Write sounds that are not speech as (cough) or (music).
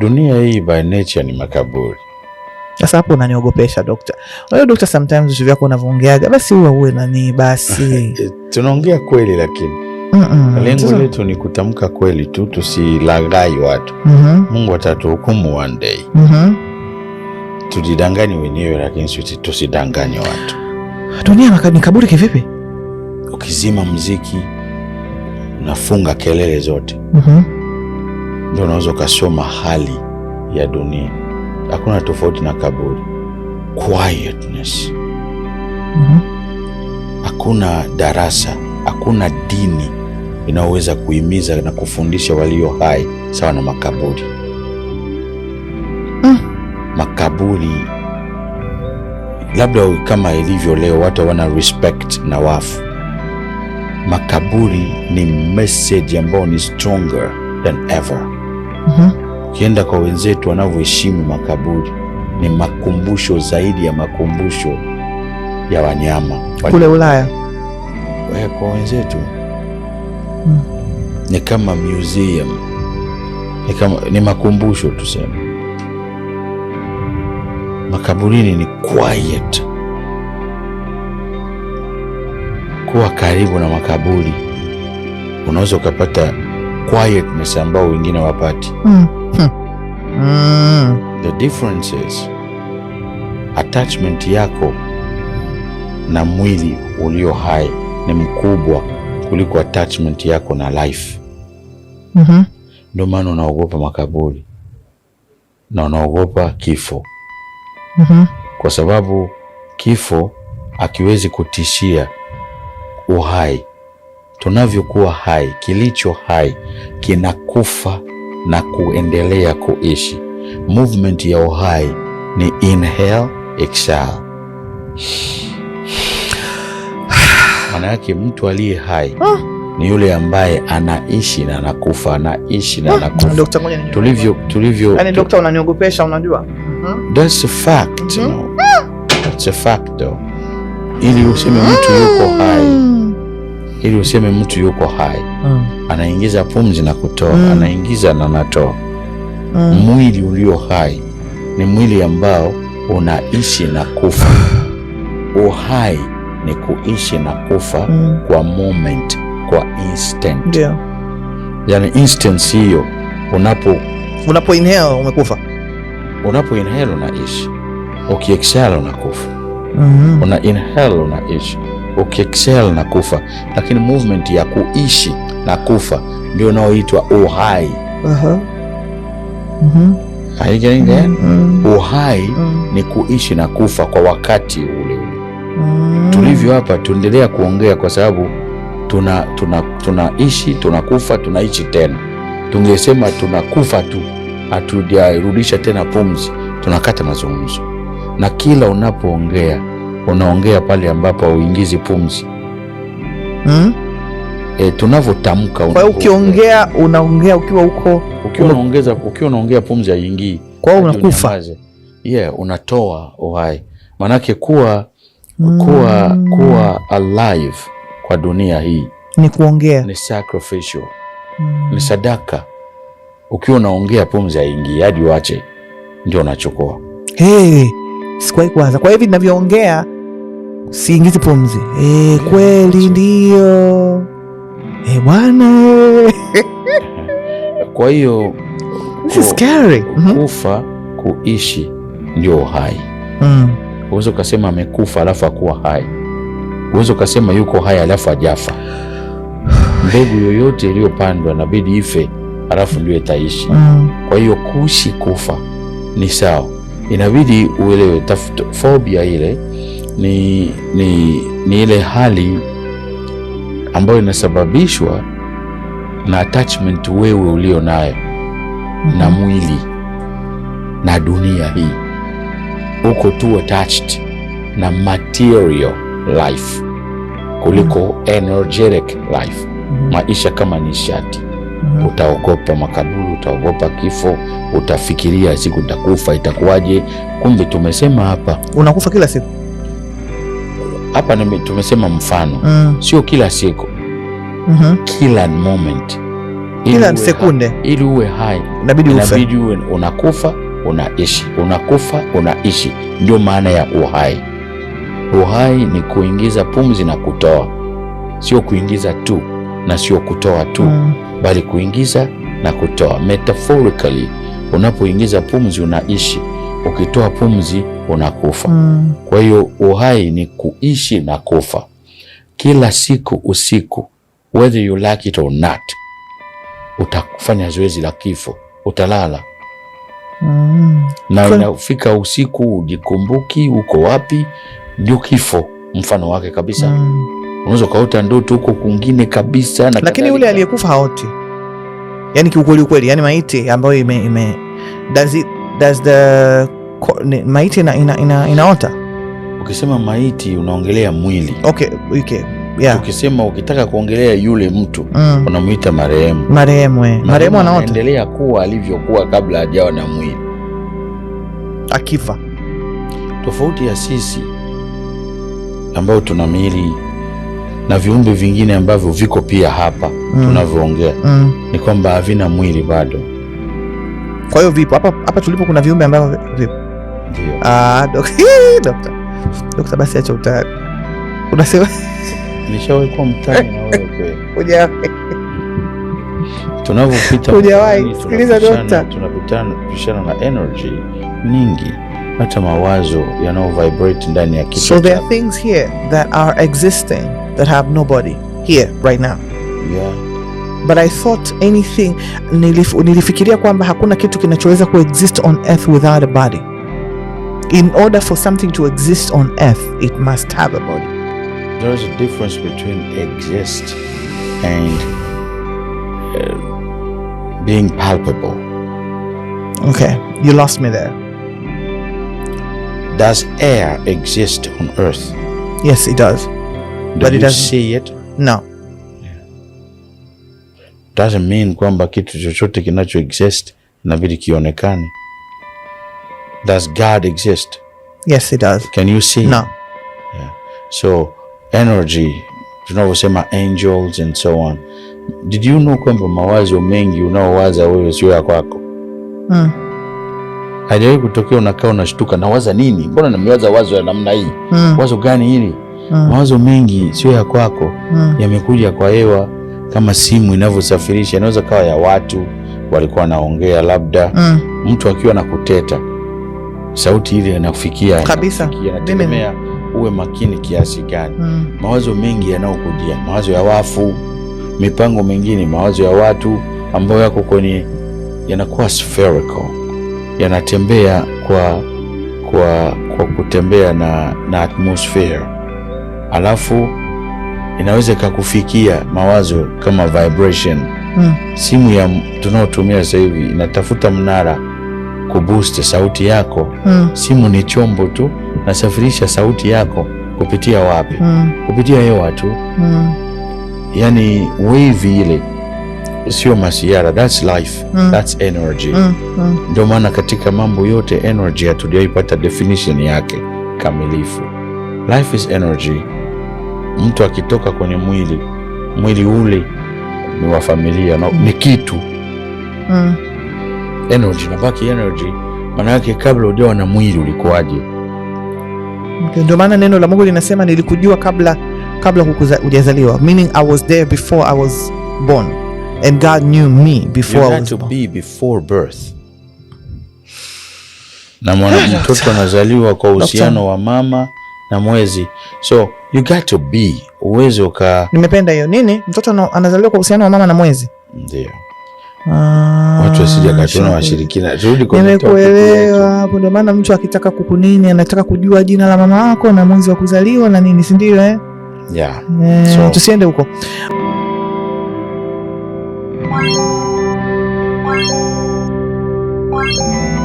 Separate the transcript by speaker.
Speaker 1: Dunia hii by nature ni makaburi.
Speaker 2: Sasa hapo unaniogopesha dokta. Wewe dokta, sometimes vitu vyako unavyoongeaga basi huwa uwe nani basi. (laughs) Eh,
Speaker 1: tunaongea kweli lakini Mm -mm. Lengo letu ni kutamka kweli tu, tusilaghai watu. mm -hmm. Mungu atatuhukumu one day. mm -hmm. Tujidanganye wenyewe, lakini tusidanganye watu.
Speaker 2: Dunia ni kaburi kivipi?
Speaker 1: Ukizima mziki unafunga kelele zote. mm -hmm ndio unaweza ukasoma hali ya dunia. Hakuna tofauti na kaburi, quietness. Mm-hmm. Hakuna darasa, hakuna dini inayoweza kuhimiza na kufundisha walio hai sawa na makaburi. Mm. Makaburi labda kama ilivyo leo watu wana respect na wafu. Makaburi ni message ambayo ni stronger than ever. Mhm. Ukienda kwa wenzetu wanavyoheshimu makaburi, ni makumbusho zaidi ya makumbusho ya wanyama kule Ulaya. Eh, kwa wenzetu hmm, ni kama museum, ni kama ni makumbusho tuseme. Makaburini ni quiet. Kuwa karibu na makaburi unaweza ukapata quietness ambao wengine wapati.
Speaker 2: mm. mm.
Speaker 1: The difference is attachment yako na mwili ulio hai ni mkubwa kuliko attachment yako na life. mm -hmm. Ndio maana unaogopa makaburi na unaogopa kifo. mm -hmm. Kwa sababu kifo akiwezi kutishia uhai tunavyokuwa hai, kilicho hai kinakufa na kuendelea kuishi. Movement ya uhai ni inhale, exhale. Maana yake mtu aliye hai ni yule ambaye anaishi na anakufa, anaishi na ah, anakufa. Dokta, ngoja ninyonge. Tulivyo tulivyo.
Speaker 2: Yani dokta, unaniogopesha unajua?
Speaker 1: Hmm? That's a fact. Hmm? That's a fact though. Ili useme mtu yuko hai hmm ili useme mtu yuko hai mm. Anaingiza pumzi na kutoa mm. Anaingiza na natoa mm. Mwili ulio hai ni mwili ambao unaishi na kufa. (sighs) Uhai ni kuishi na kufa mm. Kwa moment, kwa instant yeah. Yani instant hiyo unapo
Speaker 2: unapo inhale umekufa,
Speaker 1: unapo inhale unaishi, ukiexhale unakufa mm -hmm. Una inhale unaishi ukiexhale na kufa, lakini movement ya kuishi na kufa ndio unaoitwa uhai. Mm-hmm. Uhai mm-hmm. ni kuishi na kufa kwa wakati ule ule. Mm. Tulivyo hapa tuendelea kuongea kwa sababu tunaishi tuna, tunakufa tunaishi tena. Tungesema tunakufa tu hatujarudisha tena pumzi, tunakata mazungumzo na kila unapoongea unaongea pale ambapo hauingizi pumzi hmm? E, tunavyotamka
Speaker 2: ukiongea unaongea ukiwa huko
Speaker 1: ukiwa unaongeza ukiwa unaongea pumzi haiingii,
Speaker 2: kwa hiyo unakufa.
Speaker 1: Yeah, unatoa uhai maanake kuwa mm. kuwa kuwa alive kwa dunia hii
Speaker 2: ni kuongea,
Speaker 1: ni sacrificial mm. ni sadaka. Ukiwa unaongea pumzi haiingii, hadi uache ndio unachukua
Speaker 2: hey sikuwahi kuanza. Kwa hivi ninavyoongea siingizi pumzi e, kweli ndio e, bwana
Speaker 1: (laughs) kwa hiyo
Speaker 2: mm-hmm.
Speaker 1: kufa kuishi ndio uhai. Mm. Uweza ukasema amekufa alafu akuwa hai, uweza ukasema yuko hai alafu ajafa. Mbegu yoyote iliyopandwa nabidi ife alafu ndio itaishi. Mm. Kwa hiyo kuishi kufa ni sawa inabidi uelewe fobia ile ni, ni, ni ile hali ambayo inasababishwa na attachment wewe ulio nayo na mhm. mwili na dunia hii. Uko tu attached na material life kuliko mhm. energetic life, mhm. maisha kama nishati. Utaogopa makaburi, utaogopa kifo, utafikiria siku nitakufa itakuwaje. Kumbe tumesema hapa
Speaker 2: unakufa kila siku
Speaker 1: hapa tumesema mfano mm. Sio kila siku
Speaker 2: mm -hmm.
Speaker 1: Kila moment,
Speaker 2: kila sekunde,
Speaker 1: ili uwe hai inabidi ufe, uwe unakufa unaishi, unakufa unaishi. Ndio maana ya uhai. Uhai ni kuingiza pumzi na kutoa, sio kuingiza tu na sio kutoa tu mm. bali kuingiza na kutoa. Metaphorically, unapoingiza pumzi unaishi, ukitoa pumzi unakufa. mm. Kwa hiyo uhai ni kuishi na kufa kila siku, usiku, whether you like it or not, utafanya zoezi la kifo, utalala
Speaker 2: mm.
Speaker 1: na inafika usiku, ujikumbuki uko wapi, ndio kifo mfano wake kabisa mm unaweza ukaota ndoto huko kwingine kabisa
Speaker 2: na lakini yule aliyekufa haoti. Yani kiukweli kweli, yani maiti ambayo ime, ime does it, does the maiti ina, ina, ina, inaota.
Speaker 1: Ukisema maiti unaongelea mwili.
Speaker 2: Okay, okay. Yeah.
Speaker 1: Ukisema ukitaka kuongelea yule mtu mm. unamuita marehemu.
Speaker 2: Marehemu eh. Marehemu anaota.
Speaker 1: Anaendelea kuwa alivyokuwa kabla hajawa na mwili. Akifa. Tofauti ya sisi ambao tuna miili na viumbe vingine ambavyo viko pia hapa mm. tunavyoongea mm. ni kwamba havina mwili bado.
Speaker 2: Kwa hiyo vipo hapa hapa tulipo, kuna viumbe ambavyo vipo. Ah, (laughs) dokta dokta, basi acha utani, unasema
Speaker 1: nishawahi kuwa mtani na wewe (laughs) tunavyopita,
Speaker 2: hujawahi. Sikiliza dokta,
Speaker 1: tunapishana na energy nyingi hata mawazo ndani ya kichwa.
Speaker 2: So there are things here that are existing that have no body here right now. Yeah. But I thought anything nilif, nilifikiria kwamba hakuna kitu kinachoweza kuexist on earth without a body. In order for something to exist on earth, it must have a body.
Speaker 1: There is a difference between exist and uh, being palpable.
Speaker 2: Okay, you lost me there.
Speaker 1: Does air exist on earth?
Speaker 2: Yes, it does. Do
Speaker 1: but you it doesn't... see it?
Speaker 2: No. Yeah.
Speaker 1: Doesn't mean kwamba kitu chochote kinacho exist inabidi kionekane. Does God exist? Yes, it does. Can you see? No. Yeah. So energy tunavyosema angels and so on. Did you know kwamba mawazo mengi unaowaza wewe sio ya kwako? Mm haijawahi kutokea unakaa unashtuka nawaza nini, mbona nimewaza wazo ya namna hii mm. wazo gani hili mm. mawazo mengi sio ya kwako mm. yamekuja kwa hewa kama simu inavyosafirisha, inaweza kawa ya watu walikuwa wanaongea labda mm. mtu akiwa kuteta sauti ile inakufikia kabisa, inategemea uwe makini kiasi gani mm. mawazo mengi yanayokujia, mawazo ya wafu, mipango mingine, mawazo ya watu ambayo yako kwenye yanakuwa spherical yanatembea kwa, kwa, kwa kutembea na, na atmosphere, alafu inaweza ikakufikia mawazo kama vibration mm. Simu ya tunaotumia sasa hivi inatafuta mnara kuboost sauti yako mm. Simu ni chombo tu, nasafirisha sauti yako kupitia wapi? mm. Kupitia hewa tu mm. Yani wave ile sio masiara, that's life mm. that's energy
Speaker 2: mm. Mm.
Speaker 1: Ndio maana katika mambo yote energy hatujaipata definition yake kamilifu. Life is energy. Mtu akitoka kwenye mwili, mwili ule ni wa familia no, mm. ni kitu mm. energy nabaki energy, maana yake kabla ujawa na mwili ulikuwaje?
Speaker 2: Ndio maana neno la Mungu linasema nilikujua kabla kabla hujazaliwa, meaning I was there before I was born. And God knew me before I was
Speaker 1: to be before birth. Na mwana (laughs) mtoto anazaliwa kwa uhusiano wa mama na mwezi. So you got to be uweze uka.
Speaker 2: Nimependa hiyo nini, mtoto anazaliwa kwa uhusiano wa mama na mwezi. Ndio. Ah,
Speaker 1: watu wasije katuna washirikina. Turudi kwa
Speaker 2: nimekuelewa hapo, ndio maana mtu akitaka kukunini anataka kujua jina la mama wako na mwezi wa kuzaliwa na nini, si ndio eh? Yeah. Yeah. So tusiende huko. Thank you.